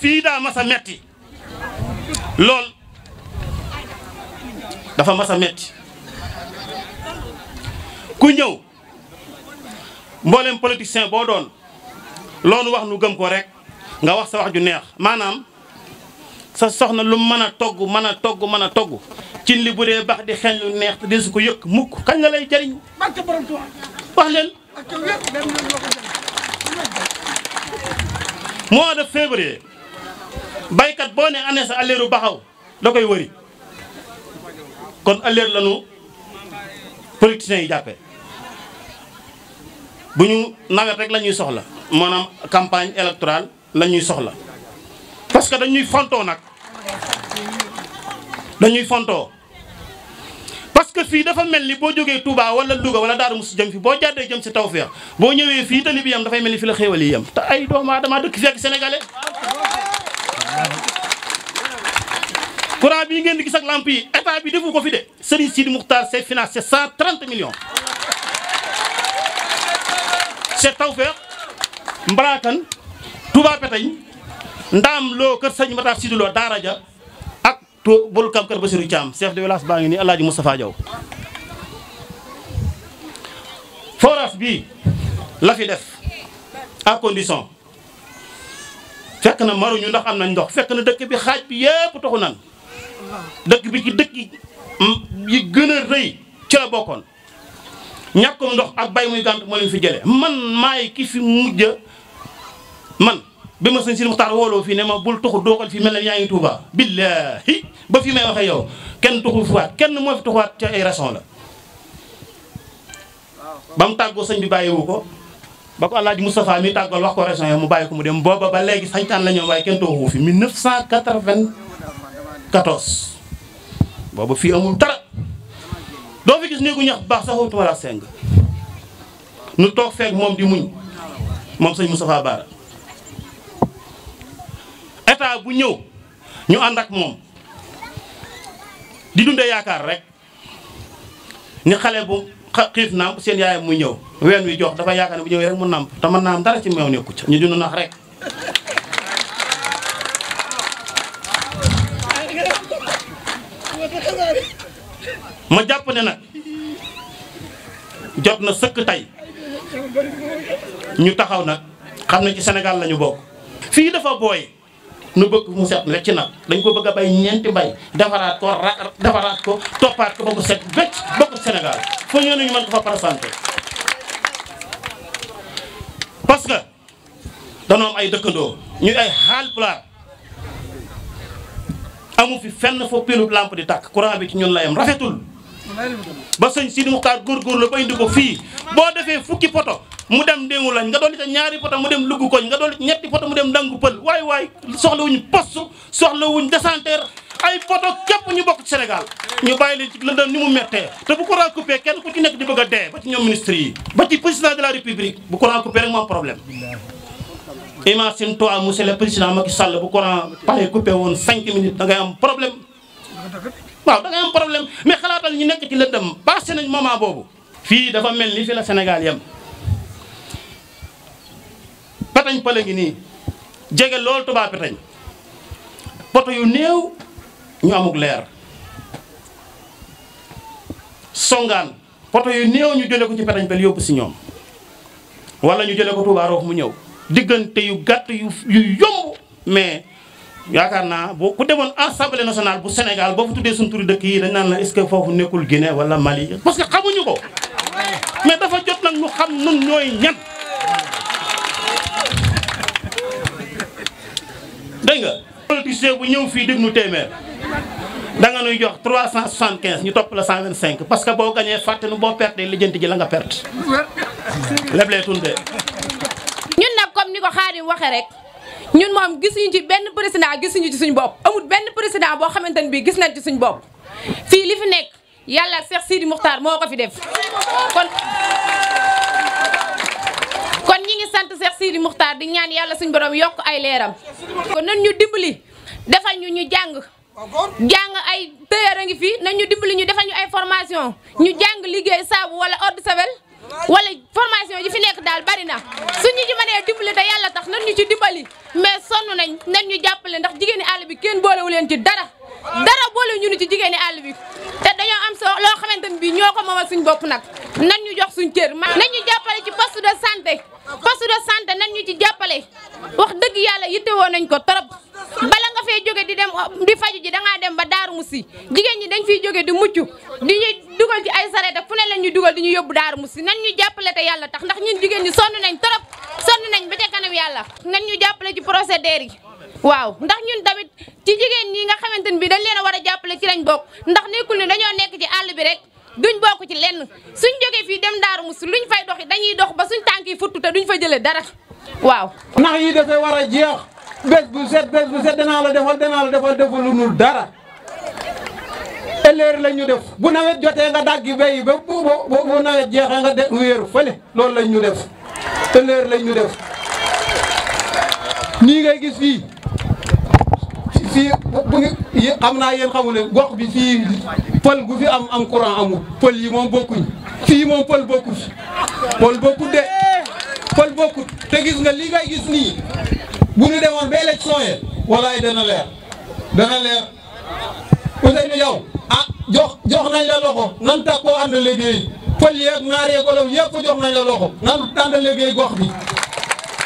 fii daa mas metti lool dafa mas a metti ku ñëw mboolem politicien boo doon loolu wax nu gëm ko rek nga wax sa wax ju neex maanaam sa soxna lu mën a togg mën a togg mën a togg cin li bu dee bax di xeeñ lu neex te di su ko yëkk mukk kañ nga lay jariñ wax leen mois de février baykat boo ne année sa alleeru baxaw da koy wëri kon alleer lañu politiciens yi jàppe bu ñu nawet rek lañuy soxla maanaam campagne électorale la ñuy soxla parce que dañuy fontoo nag dañuy fontoo parce que fii dafa mel ni boo jógee Touba wala Louga wala Darou Moussa jëm fi boo jàddee jëm si taw tawfeex boo ñëwee fii tali bi yam dafay mel ni fi la xéewal yam te ay doomu aadama dëkk fekk sénégalais courant bii ngeen di gis ak lamp état bi defu ko fi de Serigne Sidi Moukhtar s'est financé cent trente millions c'est Tawfekh Mbaraakan Touba Petañ Ndaam Lo kër Sëñ Matar Sidi Lo Daara ja ak to bul kam kër Bassirou Thiam chef de village baa ngi nii El Hadj Moustapha Diaw forage bi la fi def à condition fekk na maruñu ndax am nañ ndox fekk na dëkk bi xaaj bi yépp taxu nan dëkk bi ci dëkk yi gën a rëy ci la bokkoon ñàkkum ndox ak bay muy gànt moo leen fi jëlee man maay ki fi mujj man bi ma sëñ si Muxtaar wooloo fii ne ma bul tuxu doogal fi mel ne yaa ngi bi billaahi ba fi may waxee yow kenn tuxu fi waat kenn moo fi tuxuwaat ci ay raison la ba mu tàggoo sëñ bi bàyyiwu ko ba ko Alaaji Moustapha mi tàggool wax ko raison yo mu bàyyi ko mu dem booba ba léegi sañtaan la ñoom waaye kenn tuxu fi 1980 14 boobu fii amul dara doo fi gis néegu ñax baax sax wut wala seng nu toog feeg moom di muñ moom sëñ Moustapha Bara état bu ñëw ñu ànd moom di dundee yaakaar rek ni xale bu xiif nàmp seen yaayam mu ñëw ween wi jox dafa yaakaar ne bu ñëwee rek mu nàmp te mën naa am dara ci meew nekku ca ñu dund nax rek ma jàpp ne nag jot na sëkk tey ñu taxaw nag xam na ci senegal la ñu bokk fii dafa booy nu bëgg mu set wecc nag dañ ko bëgg bay ñeenti mbay defaraat ko ra ko toppaat ko ba mu set wecc bokk senegal foo ñëwee ñu mën ko fa présenté parce que danoo am ay dëkkandoo ñu ay Haalpulaar amu fi fenn foo pilu lampe di tàkk courant bi ci ñun la rafetul ba sëñ Sidi Muxtaar góorgóorlu ba indi ko fii boo defee fukki poto mu dem déngu lañ nga dolli ca ñaari poto mu dem lugg koñ nga dolli ñetti poto mu dem dangu pël waay waay soxlawuñ poste soxlawuñ desanteer ay poto képp ñu bokk ci Sénégal ñu bàyyi leen ci lëndëm ni mu mettee te bu courant coupé kenn ku ci nekk di bëgg a dee ba ci ñoom ministre yi ba ci président de la république bu courant coupé rek moo am problème imagine toi monsieur le président da ngay am waaw da ngay am problème mais xalaatal ñu nekk ci lëndëm passé nañ moment boobu. fii dafa mel ni fi la Sénégal yem petañ pale ngi nii jege lool Touba petañ poto yu néew ñu amug leer songaan poto yu néew ñu jëlee ko ci petañ pale yóbbu si ñoom walla ñu jëlee ko Touba mu ñëw diggante yu gàtt yu yu yomb mais yaakaar naa boo ku demoon assemblée nationale bu Sénégal boo fu tuddee suñu turi dëkk yi dañ naan la est-ce que foofu nekkul Guinée wala Mali parce que ko mais dafa jot nag ñu xam nun ñooy ñan dégg nga politicien bu ñëw fii dégg nu téeméer da nga nuy jox 375 ñu topp la 125 parce que boo gañee fàtte nu boo perte lijjanti ji la nga perte leblee tunde ñun nag comme ni ko Xaadim waxe rek ñun moom gisuñu ci benn président gisuñu ci suñu bopp amul benn président boo xamante ne bii gis nañ ci suñu bopp fii li fi nekk yàlla Cheikh Sidi Moukhtar moo ko fi def kon ñi ngi sant Cheikh Sidi Moukhtar di ñaan yàlla suñ borom yokk ay leeram kon nan ñu dimbali defal ñu ñu jàng jàng ay tailleur a ngi fii nan ñu dimbali ñu defal ñu ay formation ñu jàng liggéey saabu wala eau wala formation yi fi nekk daal bari na su ñu ci mënee dimbali te yàlla tax nan ñu ci dimbali mais sonn nañ nan ñu jàppale ndax jigéeni àll bi kenn boolewu leen ci dara dara boole ñu ni ci jigéeni àll bi te dañoo am so loo xamante ni bii ñoo ko moomal suñ bopp nag nan ñu jox suñ cër nan ñu jàppale ci poste de santé poste de santé nan ñu ci jàppale wax dëgg yàlla yittewoo nañ ko trop bala nga fee jóge di dem di faju ji dangaa dem ba daaru mu si jigéen ñi dañ fiy jóge di mucc di dugal ci ay sareet ak fu ne la ñuy dugal ñu yóbbu daaru musi nan ñu jàppale te yàlla tax ndax ñun jigéen ñi sonn nañ trop sonn nañ ba ca kanam yàlla nan ñu jàppale ci procédure yi waaw ndax ñun tamit ci jigéen ñi nga xamante ni bi dañ leen a war a jàppale ci lañ bokk ndax nekkul ne dañoo nekk ci àll bi rek duñ bokk ci lenn suñ jógee fii dem daaru musi luñ fay doxi dañuy dox ba suñ tànk yi futtu te duñ fa jëlee dara waaw nax yi dafay war a jeex bés bu set bés bu set danaa la defal danaa la defal defalunul dara élleer la ñu def bu nawet jotee nga daggi béy ba bu bu nawet jeexee nga de wéeru fële loolu lañ ñu def élleer lañ ñu def nii nga gis fii fii xam naa yéen xamu leen gox bi fii pël gu fi am am courant amul pël yi moom bokkuñ fii moom pël bokkut pël bokkut de pël bokkut te gis nga lii ngay gis nii bu ñu demoon ba élection yi walaay dana leer dana leer Ousseynou yaw a ah, jox jox nañ la loxo nan tàkkoo ànd liggéey pël yeeg naar yeeg olof yëpp jox nañ la loxo nan ànd liggéey gox bi